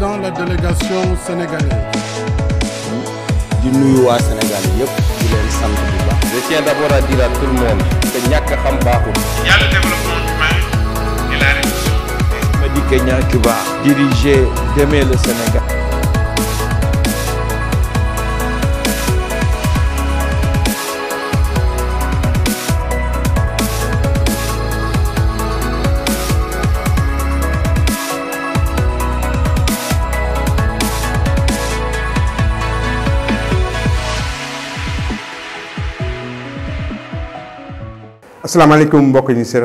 dans la délégation sénégalaise. Du nuyu Sénégal je tiens d'abord à dire à tout le monde que ñàkk xam Il y a le développement humain et la réussite. dis que qui va diriger demain le Sénégal. alaikum, alaikum, ñi C'est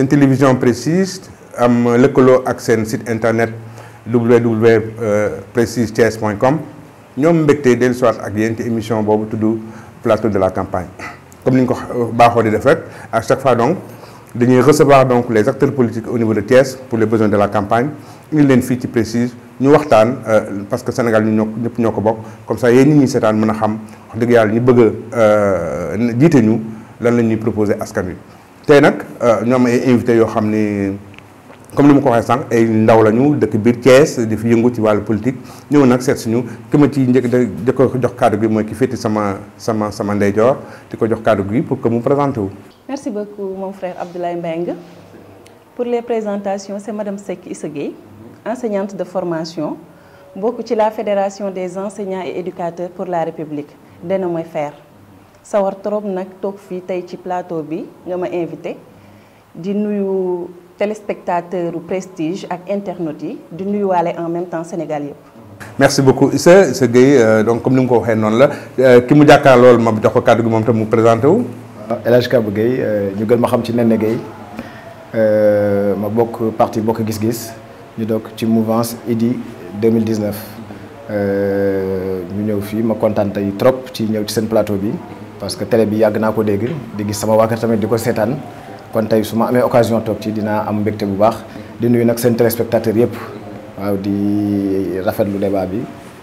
une télévision précise am colloque ak seen site internet www Nous thiès del com ak yenté émission sur le plateau de la campagne comme nous avons ko baxo di def rek à chaque fois donc dañuy recevoir donc les acteurs politiques au niveau de Thiès pour les besoins de la campagne nous leen une ci précise ñu waxtaan euh, parce que Sénégal ñu ñëpp ñoko bok comme ça nous ñi sétane mëna nous xam wax deug yalla ñi bëgg euh, ñu lan la ñuy proposer askan wi tey nag euh, ñoo ay invité yoo xam ni comme ni ma ko waxee sànq ay ndaw lañu dëkk biir Thiès di fi yëngu ci wàllu politique ñëw nag seet suñu ki ma ci njëkk di ko jox kàddu gi mooy ki féeti sama sama sama ndeyjoor di ko jox kàddu gi pour que mu présenté wu. merci beaucoup mon frère Abdoulaye Mbengue pour les présentations c'est madame Seck Issa enseignante de formation bokk ci la fédération des enseignants et éducateurs pour la République dana mooy faire sawar trop nak tok fi tay ci plateau bi nga ma invité di nuyu téléspectateurs prestige ak internautes yi di walé en même temps Sénégal yëpp. merci beaucoup Issa ce Gueye euh, donc comme nim ko waxee non la euh, ki mu jàkkaar lool ma jox ko cadre gi tam mu présenté wu. Euh, El Hadj Kabou Gueye ñu gën ma xam ci Nene euh ma bok parti bok gis-gis ñu dok ci mouvance IDI 2019 ñu ñëw fi ma kontaan trop ci ñëw ci sen plateau bi. parce que tele bi yàgg naa ko dégg di gis sama waa kër tamit di ko seetaan kon tey su ma amee occasion toog ci dinaa am mbégte bu baax di nuyu nag seen téléspectateur yëpp waaw di rafetlu débat bi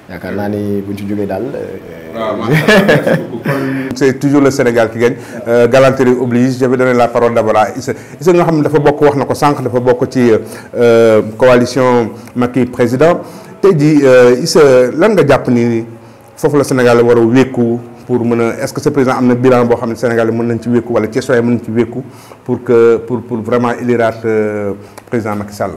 yaakaar naa ni buñ ci jógee daal. Euh, c'est toujours le Sénégal qui gagne euh, galanterie oblige je vais la parole d'abord à Issa nga xam ne dafa bokk wax na ko sànq dafa bokk ci euh, coalition Macky président tey jii Issa lan nga jàpp nii foofu la Sénégal war a pour mën est-ce que ce président am na bilan boo xam ne Sénégal nañ ci wékku wala Thiès waaye mën nañ ci wékku pour que pour pour vraiment éliraat euh, président Macky Sall.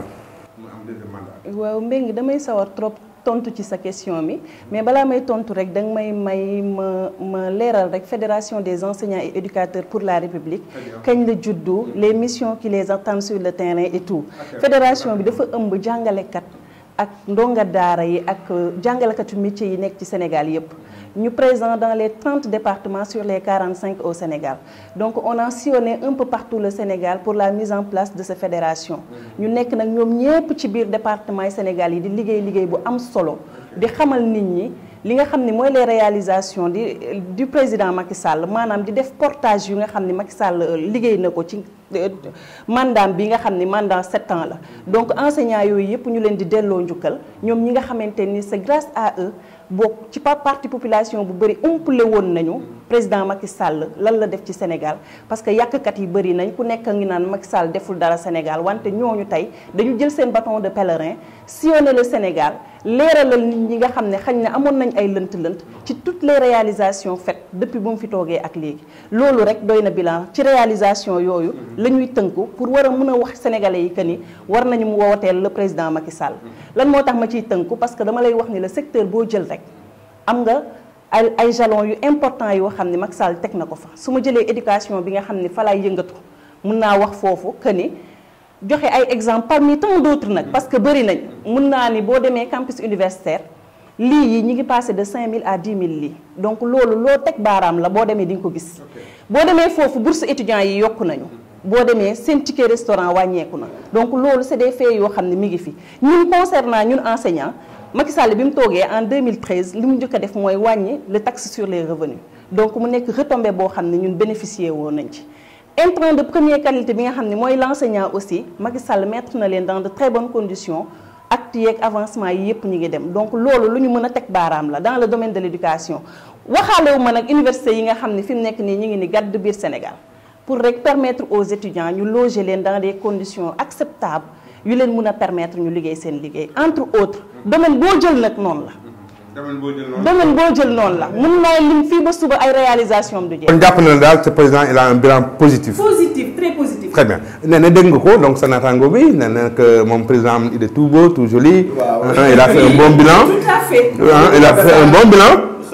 mu am deuxième waaw Mbengue damay sawar trop tontu ci sa question mi mais bala may tontu rek danga may may ma ma rek fédération des enseignants et éducateurs pour la république. kagn la juddu les missions qui les attendent sur le terrain et tout. fédération bi dafa ëmb kat ak ndonga daara yi ak jàngalekatu métier yi nek ci Sénégal yépp nous présents dans les 30 départements sur les 45 au Sénégal. Donc on a sillonné un peu partout le Sénégal pour la mise en place de ces fédérations. Nous sommes tous les petits départements sénégalais qui ont travaillent bu am solo, di xamal nit ñi li les réalisations du président Macky Sall maanaam di def portage yu nga Macky Sall euh, ligue et mandaam bi nga xamni mandat 7 ans la donc enseignants yooyu yëpp ñu leen di dello ñukal ñom ñi nga xamanteni c'est grâce à eux bok ci pa parti population bu bari umpale won nañu président Macky Sall lan la def ci Sénégal parce que kat yi bari nañ ku nekk ngi nan Macky Sall deful dara Sénégal wante ñoñu tay dañu jël sen bâton de pèlerin sillonner le Sénégal leeralal nit ñi nga xam ne xañ na amon nañ ay leunt leunt ci toutes les réalisations faites depuis bu mu fi togué ak léegi lolu rek doy bilan ci réalisation yooyu la ñuy tënku pour war mun a wax sénégalais yi que ni war nañu mu teel le président Macky Sall. Mm-hmm. lan moo tax ma ciy tënku parce que dama lay wax ni la secteur boo jël rek am nga. ay ay jalons yu important yoo xam ne mag Sall teg na ko fa su ma jëlee éducation bi nga xam ne falaay laay yëngatu mun naa wax foofu que ni joxe ay exemple parmi tant d'autres nag. parce que bëri nañ mun naa ni boo demee campus universitaire lii yi ñu ngi passé de 5000 à 10 000 lii donc loolu loo teg baaraam boo demee di ko gis. boo demee foofu bourse étudiants yi yokku nañu. boo c'est un ticket restaurant wàññeeku donc loolu c'est des faits yo xamné mi ngi fi ñun concernant ñun enseignants Macky Sall bi mu en 2013 li mu njëkk def moy wañé le taxe sur les revenus donc mu nekk retombé bo xamné ñun bénéficier wo nañ ci intrant de première qualité bi nga xamné moy l'enseignant aussi Macky Sall mettre na len dans de très bonnes conditions actes yeeg avancement yépp ñi ngi dem donc loolu lu ñu mën a baram la dans le domaine de l'éducation waxaalewu ma nag université yi nga xamné ne nekk ni ñi ngi ni gàdd biir Sénégal pour permettre aux étudiants de loger dans des conditions acceptables yu permettent permettre entre autres domaine beau, non la. domaine la président a un bilan positif. positif très positif. très bien donc président est tout beau tout joli. Hein, il a fait un bon bilan. tout à fait. Hein, il a fait un bon bilan.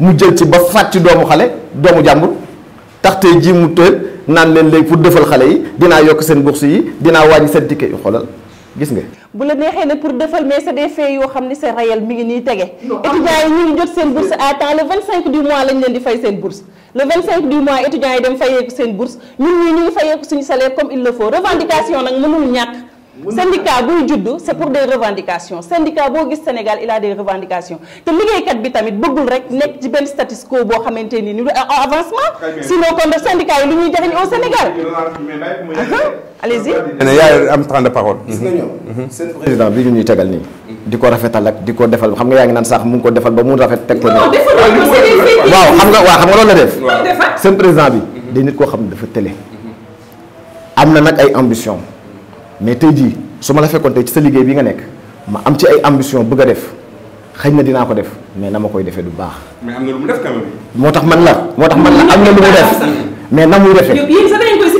mu jël ci ba fàcc doomu xale doomu jàmbur tax tey jii mu tëj naan leen léegi pour defal xale yi dinaa yokk seen bourse yi dinaa wàññi seen ticket yu xoolal gis nga. bu la neexee nag pour defal mais c'est des faits yoo xam ne c'est réel mi ngi nii tege. étudiants yi ñu ngi jot seen bourse à temps le du mois lañ leen di fay seen bourse le 25 du mois étudiants yi dem fayeeku seen bourse ñun ñu ngi fayeeku suñu salaire comme il le faut revendication syndicat buy juddou c'est pour des revendications syndicat bo guiss Sénégal il a des revendications te kat bi tamit bëggul rek nek ci ben status quo bo xamanteni ni ni avancement sinon comme def syndicat yi lu ñuy jariñ au Sénégal uh-huh. allez-y yaa am temps de parole c'est nga mm-hmm. Mm-hmm. président bi ñu ñuy tegal nii di ko ak diko défal xam nga yaa ngi naan sax mu ko défal ba mu rafét teg ko waaw xam nga wa xam nga loolu la def seen président bi mm-hmm. di nit ko xam dafa télé amna nak ay ambitions mais tey jii su la fekkoon tay ci sa liggéey bi nga nek ma am ci ay ambition bëgg def xëy dina ko def mais na ma koy defee du baax. mais am na lu mu def quand même. motax man la motax man la am na lu mu def mais na muy defee.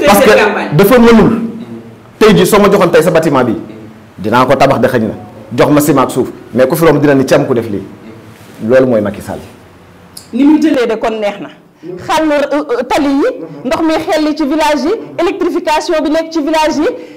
parce que dafa mënul. tey jii suma joxon tay sa bâtiment bi dina ko tabax de xëy jox ma ciment ak suuf mais ku fi rom dina ni càmm ko def li lool moy Macky Sall. ni muy jëlee de kon neex na. xàll euh, euh, tali yi ndox mi xel ci village yi électrification bi nekk ci village yi.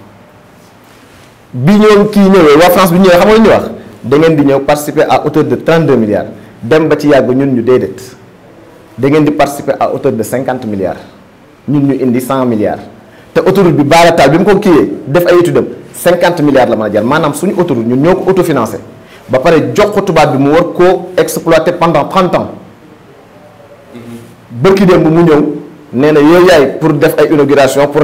bi France bi ñëwee xam nga ñu wax da ngeen di participer à hauteur de 32 milliards dem ba ci yàgg ñun ñu déedéet da participer à hauteur de 50 milliards nous ñu indi 100 milliards Et autoroute bi Bara Tall bi mu 50 milliards la mën a jar suñu autoroute ñun ñoo ko autofinancé ba pare jox ko tubaab bi mu pendant 30 ans mhm. bërki démb bu mu ñëw de na yow pour def ay inauguration pour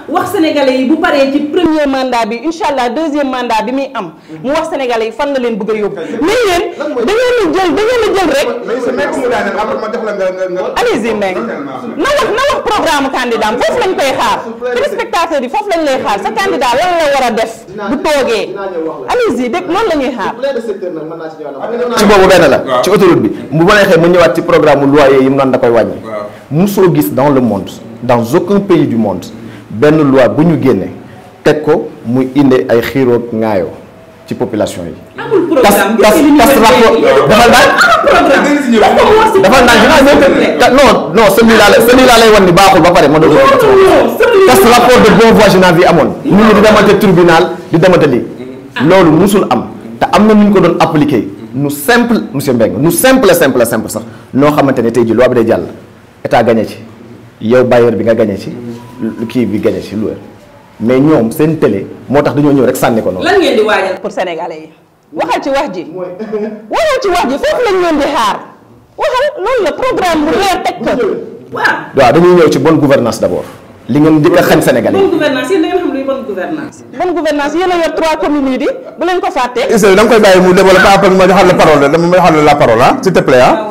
wax sénégalais yi bu paré ci premier mandat bi deuxième mandat bi mi am. mu wax sénégalais fan la leen bëgg mais da ngeen jël da ngeen jël rek. allez-y mec na wax wax programme candidat lañ koy xaar je yi lañ lay xaar sa candidat la war a def bu toogee allez-y dek noonu la ñuy xaar. ci boobu benn ci autoroute bi bu ma neexee mu ñëwaat ci programme loyer yi mu naan da koy wàññi. musoo gis dans le monde dans aucun pays du monde. Ben loi bu ñu génne ko muy indé ay xiiroog ngaayo ci population yi. amul programme tas rapport dafa non non celui là celui là lay ni baaxul ba pare rapport de bon voisinage nit Nous di demante tribunal di demante ah. musul am té amna ñu ko doon appliquer nu simple monsieur mbeng nu simple simple simple sax no xamante ne tey jii loi bi day état gagné ci yow bi nga gagné kii bi gagné si loueur mais ñoom seen télé moo tax dañoo ñëw rek sànni ko noonu. pour sénégalais yi. waxal ci wax ji. waxal foofu lañ leen di xaar. waxal loolu la programme bu leer teg ko. waaw dañuy ñëw ci bonne gouvernance d'abord. li ngeen njëkk a xañ Sénégalais gouvernance yéen da ngeen xam luy bonne gouvernance. bonne gouvernance yéen trois communes di bu leen ko fàttee. Issaoui koy bàyyi mu développé après ma joxal la parole dama ma joxal la parole ah s'il te plaît ah. Ah,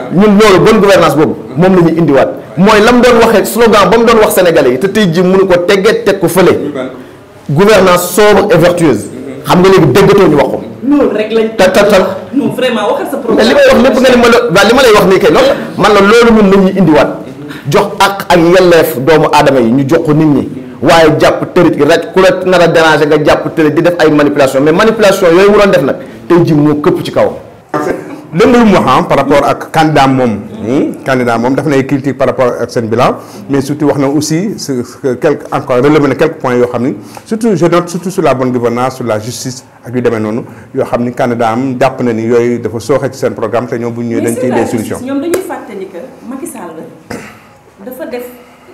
ñun loolu bonne gouvernance boobu moom la ñu indiwaat mooy lam doon waxee slogan ba mu doon wax sénégalais yi te tey ji mënu ko teggee teg ko fële gouvernance sobre et vertueuse xam nga léegi déggatoo ñu wax ko loolu rek lañ vraiment waxal sa ma la li ma lay wax nii kay loolu man la loolu ñun lañ ñu indiwaat jox ak ak yelleef doomu aadama yi ñu jox ko nit ñi waaye jàpp tërit gi rek ku la nar a déranger nga jàpp tërit di def ay manipulation mais manipulation yooyu mu doon def nag tey ji moo këpp ci kaw lëndul wax ah, par rapport ak candidat moom. Hmm? candidat moom daf nay critique par rapport ak seen bilan mais surtout wax na aussi quelque encore relever quelques points yoo xam surtout je note surtout sur la bonne gouvernance sur la justice ak yu demee noonu yoo xam ni candidat am jàpp na ni yooyu dafa sooxe ci seen programme te ñoom bu ñu ñëwee dañ ciy des solutions. ñoom dañuy fàttali que Macky Sall dafa def.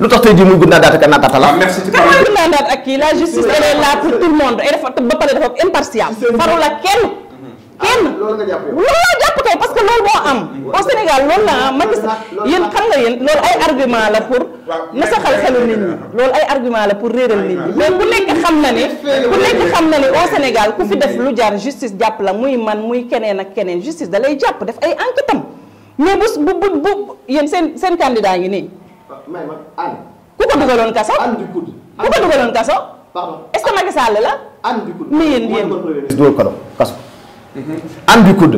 lu tax tey jii muy gudd naa daata ka naa daata la. Ah, merci ci parole ak kii la justice elle est là pour tout monde et dafa ba pare dafa impartial. faru la kenn. Mm-hmm. kenn ah, loolu nga jàpp loolu parce que loolu moo am. au Sénégal loolu la ah Macky Sall xam nga yéen loolu ay argument la pour. na saxal xelu nit ñi loolu ay argument la pour réeral nit ñi. mais ku nekk xam na ne na ne au Sénégal ku fi def lu jaar justice jàpp la muy man muy keneen ak keneen justice da lay jàpp def ay enquête am seen seen candidat ngi may ma an. ku ko dugaloon kaso. an di kudd. ku ko dugaloon kaso. pardon est-ce que Macky Sall la. an di kudd mi yéen yéen. dugal ko kaso. an di kudd.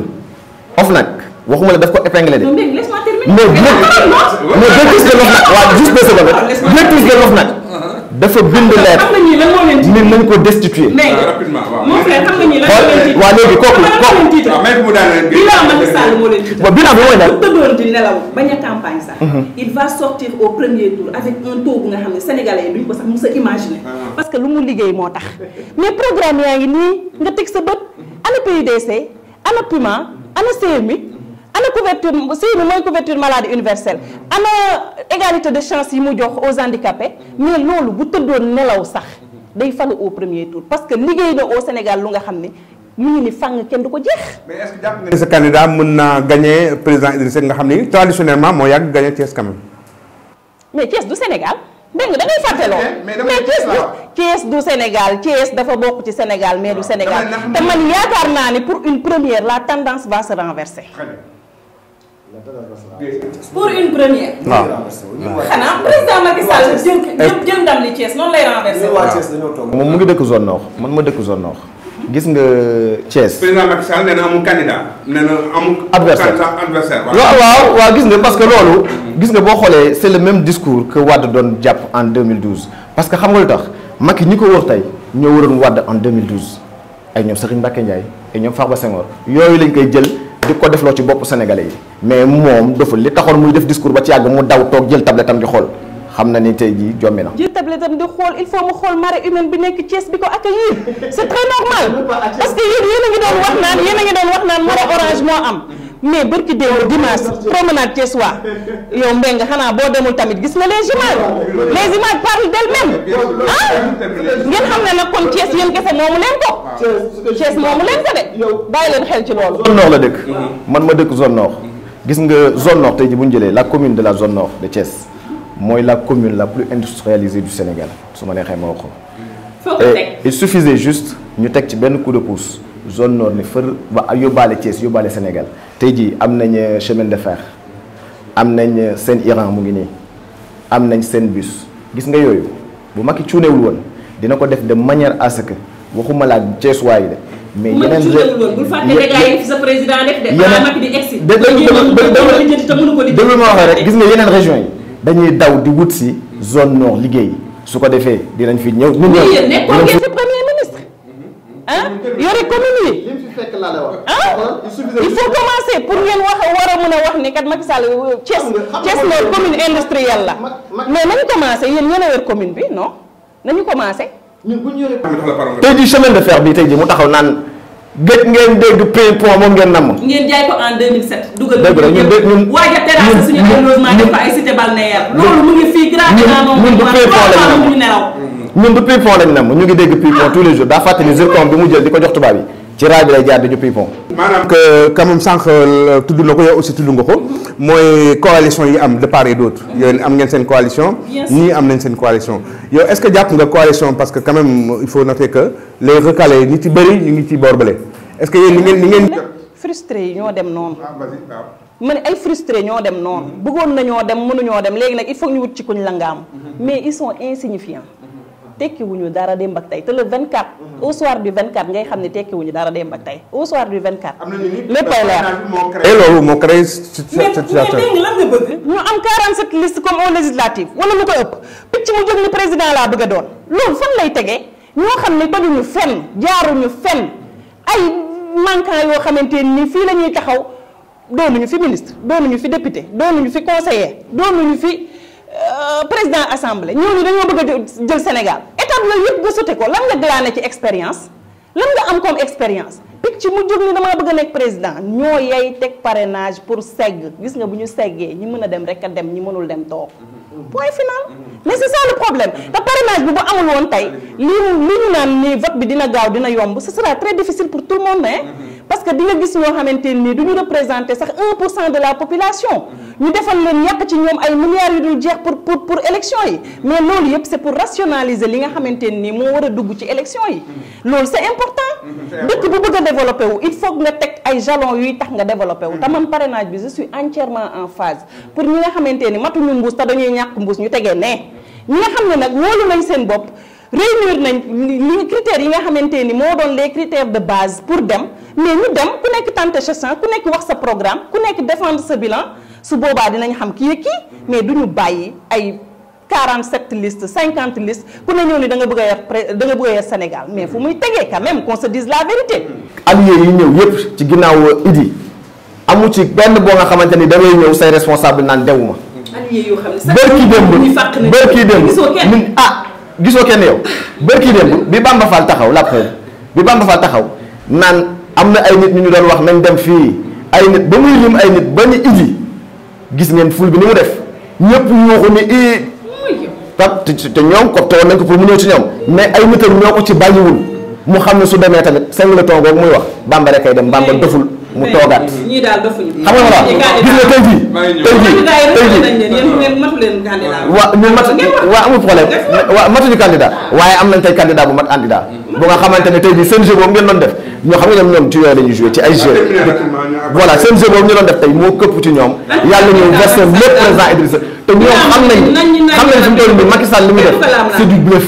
OFNAC waxuma la daf ko épinglé de. mais laisse-moi terminer. mais mais deux plus de l'OFNAC waaw juste deux secondes. deux plus de l'OFNAC. dafa bind lettre ni nañ ko destituer. mais ah, mon frère xam nga ñi lan moo leen tiital waaw léegi kooku kooku bilan mo Sall moo leen bi mooy lan bu tëddoon di nelaw bañ a campagne sax. Mhm. il va sortir au premier tour avec un taux bu nga xam ne sénégalais yi duñ ko sax mos a imaginer. Ah. parce que lu mu liggéey moo tax mais programme yaa ngi nii nga teg sa bët ana PDC ana PUMA ana CMU la couverture c'est bi mooy couverture maladie universelle ana égalité de chance yi mu jox aux handicapés mais loolu bu tëddoon nelaw sax day fait au premier tour parce que liggéey na au Sénégal lu nga xam ne mu ni fàng kenn mais est-ce que vous nga ce candidat mën gagner le président Idriss Seck nga xam ni traditionnellement moo yàgg gagné Thiès quand même. mais Thiès du Sénégal. dégg da ngay fàtte loolu mais Thiès du Sénégal Thiès dafa bokk ci Sénégal mais du ah, Sénégal te man yaakaar naa pour une première la tendance va se renverser pour une première. waaw ah. waaw xanaa président Macky Sall jël jël ndam li Thiès noonu lay renversé. moom mu ngi dëkk zone nord man ma dëkk zone nord. gis nga euh, Thiès. président Macky Sall nee na amul candidat. nee na amul. adversaire adversaire waaw waaw waaw gis nga parce que loolu. gis nga boo xoolee c'est le même discours que Wade doon jàpp en 2012. parce que xam nga lu Macky ñi ko wër tey ñoo waroon Wade en 2012 ay ñoom Serigne Mbacké Ndiaye ay ñoom Farba Senghor yooyu lañ koy jël di ko defloo ci bop sénégalais yi mais mom dofa li taxone muy def discours ba ci yag mo daw tok jël tablette am di xol xamna ni tay ji jommi na. jël tablette am di xol il faut mu xol marée humaine bi nekk Thiès bi ko accueillir c'est très normal parce que yéen yéen a doon wax naan yéen nga ngi doon wax naan marée orange mo am mais barki démb dimanche promenade Thiès waa yow Mbengue xana bo demul tamit gis na les images les images parlent d'elles-mêmes hein? ngeen xam ne kon Thiès yéen kese momu len ko. Thiès momu len ko de bàyyi leen xel ci loolu. zone nord la dëkk man ma dëkk zone nord gis nga zone nord tay ji buñ ñu la commune de la zone nord de Thiès moy la commune la plus industrialisée du Sénégal suma ma neexee ma wax il suffisait juste ñu tek ci ben coup de pouce zone nord ni fër ba yóbbaale Thiès Sénégal il y euh, chemin de fer amnañ euh, sen Iran mu ngi ni amnañ sen bus gis nga yoyu bu maki won dina ko de manière à ce que waxuma Thiès de mais de ma rek gis nga yenen région dañuy daw di wutsi zone nord su ko dinañ fi ah yore commune yi. li mu fi fekk laa la wax. il faut commencer pour ngeen wax war a mën a wax ni kat Macky Sall euh, Thiès Thiès la commune industrielle la. mais nañu commencer yéen yéen a commune bi non nañu commencer. ñun bu ñu yoree. tey chemin de fer bi tey jii mu taxaw naan. gëj ngeen dégg pay point moom ngeen namm. ngeen jaay ko en 2007. dugal ko dëgg la ñun dégg ñun waaj a terrasse suñu développement def ko ay cité balnéaire. loolu mu ngi fii gratuitement moom. ñun du pay point ñu nelaw ñun du puy lañ nam ñu ngi dégg pipon tous les jours daa fàttali zircon bi mu jël diko jox tuba bi ci raay bi lay jaar di ñu puy que quand même sànq euh, tudd na ko yow aussi tudd nga ko mooy coalition yi am de part et d'autre yéen am ngeen seen coalition. ni am nañ seen coalition. yow est-ce que japp nga coalition parce que quand même il faut noter que les recalés ni ci bëri ñu ngi ci borbelé est-ce que yéen ni ngeen ni ngeen. frustré ñoo dem non ah, ma ay frustré ñoo dem noonu. Mm-hmm. bëggoon nañoo dem mënuñoo dem léegi nag il faut ñu wut ci kuñ la nga mm-hmm. mais ils sont insignifiants. tekkiwuñu dara démb ak tey te le 24. Mhm. au soir du 24 ngay xam ne mhm. tekkiwuñu dara démb ak tey au soir du 24. am na nit ñi léppay leer loolu moo créé situation mais mais lan nga comme aux législatives wala lu ko ëpp picc mu jóg ni président laa bëgg a doon loolu fan lay tegee ñoo xam ne tojuñu fenn jaaruñu fenn ay manquant yoo xamante ni fii la ñuy taxaw doonuñu fi ministre ñu fi député doonuñu fi conseiller ñu fi euh, président assemblée ñooñu dañoo bëgg a jël Sénégal. étape la yëpp nga sote ko lan nga glané ci expérience lan nga am comme expérience picc ci mu jog ni dama bëgg nek président ñoo yay teg parrainage pour ségg gis nga buñu séggé ñi mëna a dem rek ka dem ñi mënul dem toog point final mais c'est ça le problème te parrainage bi bu amul won tay li li ñu naan ni vote bi dina gaaw dina yomb ce sera très difficile pour tout le monde hein parce que di nga gis ñoo xamante ni représenter sax 1 de la population. ñu defal leen yàq ci ñoom ay milliards yu dul jeex pour pour pour élection yi. mais loolu yëpp c' pour rationaliser li nga xamante ni moo war a dugg ci élection yi. loolu c' important. dëkk bu bëgg développer, wu il faut nga teg ay jalons yuy tax nga développé wu. te man parrainage bi je suis entièrement en phase pour ñi nga xamante ni matuñu mbuus te dañuy ñàkk mbuus ñu tegee ne ñi nga xam ne nag seen bopp réunir nañ li critères yi nga xamante ni moo doon les critères de base pour dem mais ñu dem ku nek tante chacun ku nek wax sa programme ku nek défendre sa bilan su boba dinañ xam kii ki mais duñu bayyi ay 47 listes 50 listes ku ne ñëw ni da nga bëgg a da nga bëgg a Sénégal mais fu muy tegee quand même qu'on se dise la vérité. alliés yi ñëw yépp ci ginnaaw Idi amu ci benn bo nga xamanteni da ngay ñëw say responsable nan dewuma. alliés yoo xamni ne sax barki dem nañu ko ah. gisoo kenn yow bërki démb bi Bamba Fall taxaw la preuve bi Bamba Fall taxaw naan am na ay nit ñu ñu doon wax nañ dem fii ay nit ba muy lim ay nit ba ñu indi gis ngeen ful bi ni mu def ñëpp yuuxu ni i tat te ñoom ko tewoon nañ ko pour mu ñëw ci ñoom mais ay nitam ñoo ko ci bàyyiwul mu xam ne su demee tamit seng la toogoog muy wax Bamba rek kay dem Bamba doful mu toogaat ñii daal dofuñu xam nga ma la gis nga tey jii tey jii tey jii matu leen candidat waaw ñun matu waaw amul problème waaw matuñu candidat waaye am nañ tey bu mat candidat bu nga xamante ne tey jii seen jeu boobu ngeen doon def ñoo xam nga ñoom ñoom ci yooyu la ñuy joué ci ay jeu ah, voilà seen jeu def tey moo këpp ci ñoom yàlla ñëw versé lépp président Idrissa te ñoom xam nañ xam nañ fi mu toll nii Macky du bluff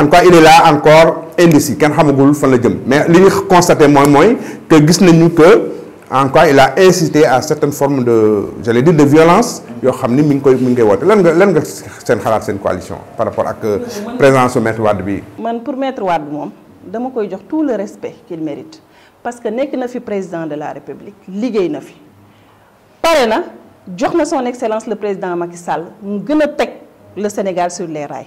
en quoi il est là encore indécis ken xamagul fan la jëm mais li ñu constaté moy que gis nañu que en il a incité à certaines formes de j'allais dire de violence yo xamni mi ngi koy mi lan nga lan nga coalition par rapport à la euh, présence au maître Wadbi bi man pour maître Wadbi, je dama koy jox tout le respect qu'il mérite parce que nek na fi président de la république liggéey na fi paré na jox na son excellence le président Macky Sall mu le Sénégal sur les rails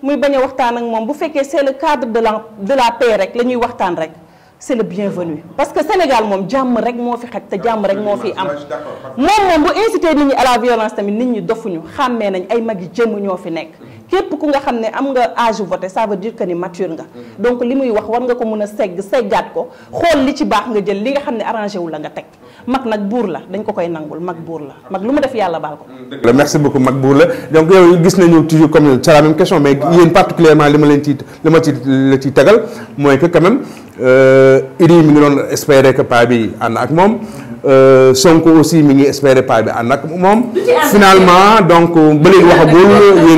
muy baña a waxtaan ak mom bu fekkee c'est le cadre de la de la paix rek lañuy ñuy waxtaan rek c'est le bienvenu parce que Sénégal mom jàmm rek mo fi xat te jàmm rek mo fi am mom mom bu inciter nit ñi à la violence tamit nit ñi dofuñu xamé nañ ay mag jëm ñoo fi nekk képp ku nga xamné am nga âge voter ça veut dire que ni mature nga donc limuy wax war nga ko mëna ségg segg seggaat ko xol li ci bax nga jël li nga xamné ne arrangé wu la nga teg mag nak bour la dañ ko koy nangul mag bour la mag luma def yalla bal ko. merci beaucoup mag bour la donc yow gis nañu toujours comme c'est la même question mais yéen particulièrement li ma leen ci li ma ci la ciy tagal mooy que quand même euh iri mi ngi doon espérer que paa bi ànd ak moom. Euh, Sonko aussi mi espéré espérer pas bi finalement donc euh,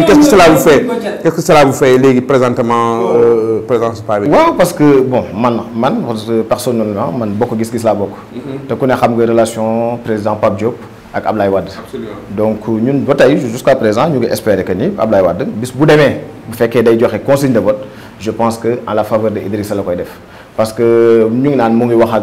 qu'est-ce que cela vous fait qu'est-ce que cela vous fait présentement euh, présence pas parce que bon man man personnellement man bokk gis-gis laa bokk. Mhm. te ku ne xam nga relation président Pape Diop. ak Wad. Wade donc ñun ba jusqu'à présent ñu ngi espérer que ni Ablaye Wade bis bu demee bu fekkee day joxe consigne de vote je pense que en la faveur de Idrissa parce que nous ngi naan mu ngi wax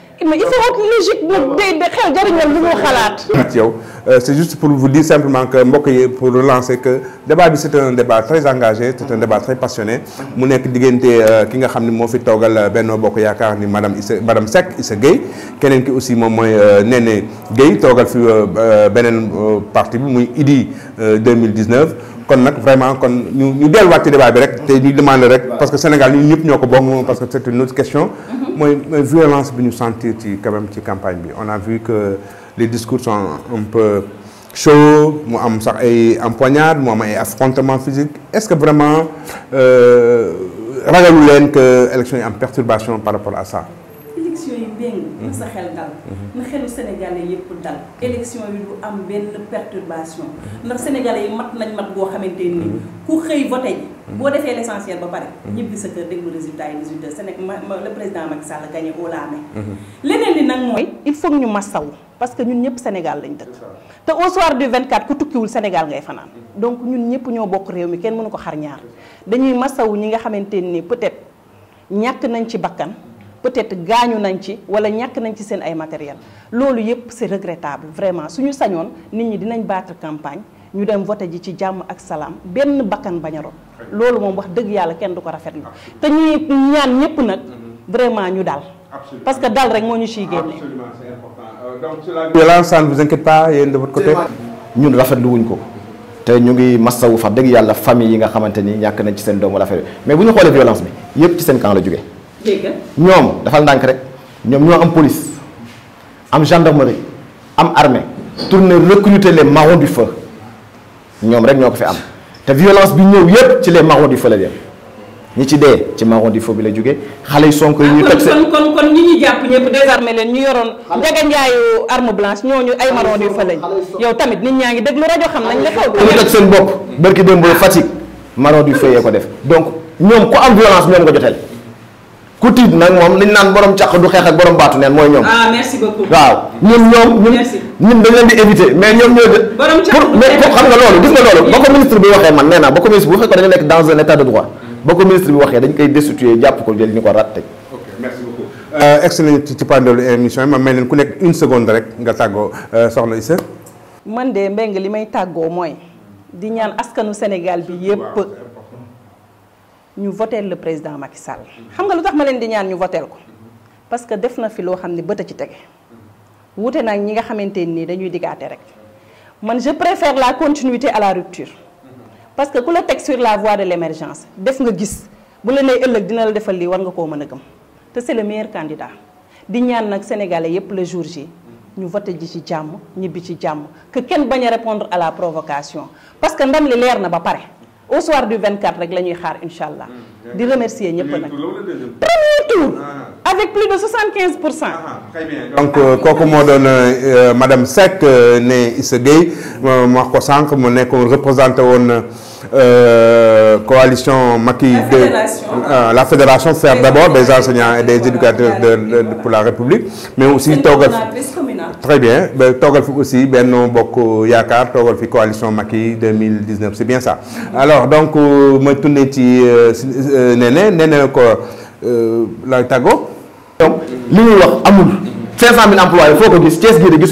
mais il juste pour vous dire simplement que pour relancer que débat c'est un débat très engagé c'est un débat très passionné. Mon équipe qui ki nga euh, ni madame madame aussi euh, Néné euh, parti 2019. vraiment parce que Sénégal ñun ñëpp parce que c'est une autre question. Moi, violence nous quand même campagne on a vu que les discours sont un peu chauds mu am sax ay empoignade un affrontement physique est-ce que vraiment euh, ragalu leen que élection perturbation par rapport à ça Mm-hmm. sa xel mm-hmm. na xelu sénégalais yëpp dal mm-hmm. élection yi du am benn perturbation ndax sénégalais yi mat nañ mat boo xamante nii ku xëy voté boo defee l'essentiel ba pare ñibbi sa kër déglu résultat yi 18 président Macky Sall gagné au la main leneen li nag mooy il faut ñu masaw parce que ñun ñëpp Sénégal lañ dëkk te au soir du 24 ku tukkiwul Sénégal ngay fanaan donc ñun ñëpp ñoo bokk réew mi kenn mënu ko xar ñaar dañuy masaw ñi nga xamante nii peut-être ñàkk nañ ci bakkan peut-être gaañu nañ ci wala ñak nañ ci seen ay matériel lolu yépp c'est regrettable vraiment suñu sañoon nit ñi dinañ battre campagne ñu dem voter ji ci jàmm ak salaam benn bakan bañ lolu mom wax deug yalla kenn duko ko rafetlu te ñi ñaan ñëpp nak mm-hmm. vraiment ñu dal parce que dal rek moo ñu siy génne euh, donc sur la violence ça ne vous inquiète pas yéen de votre côté ñun rafetlu wuñ ko te ñu ngi massawu fa deug yalla famille yi nga xamanteni ñak nañ ci seen doom wala affaire mais buñu xolé violence bi yëpp ci seen camp la jógee ñom dafal ndànk rek ñom ñoo am police am gendarmerie am armée tourner recruter les marrons du feu ñom rek ñoko fi am te violence bi ñew yépp ci les marrons du feu la dem ñi ci dé ci marrons du feu bi la jógee xalé yu sonk yi ñu teg ah, kon kon kon ñi ñuy jàpp ñëpp désarmé leen ñu yoron njaga njaayu arme blanche ñooñu ay marrons du feu lañ yow tamit nit ñaa ngi déglu radio xam nañ la xaw ñu teg seen bop barki dembo fatik marrons du feu yee ko def donc ñom ko am violence ñoom nga joteel ku tiit nag moom li ñu naan borom càq du xeex ak borom baatu neen mooy ñoom. Ah, waaw ñun ñoom ñun. ñun dañ leen mais ñoom ñoo. borom càq pour mais pour xam nga loolu gis nga loolu. ba ko ministre bi waxee man nee naa ba ko ministre bi waxee nekk ba ko ministre bi waxee dañ koy destituer jàpp ko jël ñu ko euh, ma nga tàggoo euh, soxna Issa. man de Mbengue li may tàggoo mooy di ñaan askanu Sénégal bi yépp ñu votel le président Macky Sall xam nga lutax ma len di ñaan ñu votel ko parce que def na fi lo xamni beuta ci tégué. wuute nak ñi nga xamanténi dañuy digaté rek man je préfère la continuité à la rupture parce que kou la teg sur la voie de l'émergence def nga gis bu la né ëlëk dina la defal li war nga ko mëna gëm te c'est le meilleur candidat di ñaan nak sénégalais yépp le jour J ñu voté ji ci jamm, ñibi ci jamm, que kenn baña répondre à la provocation parce que ndam li leer na ba paré au soir du 24 rek la ñuy xaar incha hmm, di remercier premier tour ah, ah. avec plus de 75 ah, donc comme euh, donne euh, madame Sek euh, né Issa Gueye ma ko mo né ko représenté coalition Maki la fédération, de, la fédération faire d'abord des enseignants et des éducateurs de, pour la République, mais aussi très bien ben, toogal aussi ben non beaucoup Yaka, fi coalition Maki 2019 c'est bien ça alors donc euh, ma euh, euh, Néné Néné donc li wax amul 000 employés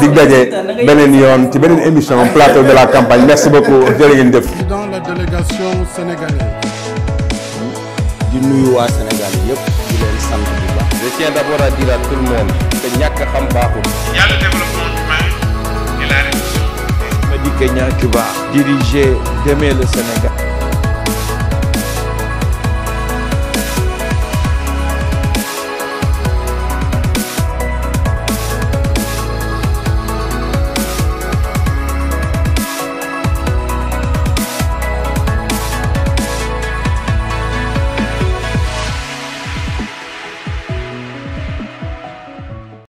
dig daje beneen yoon ci émission plateau de la campagne merci beaucoup jërë ngeen dans la délégation sénégalaise. di nuyu waa Sénégal yëpp di leen je tiens d'abord à dire à tout le monde que ñàkk xam baaxul. il y a le développement humain et la Je réussite. dis que tu va diriger demain le Sénégal.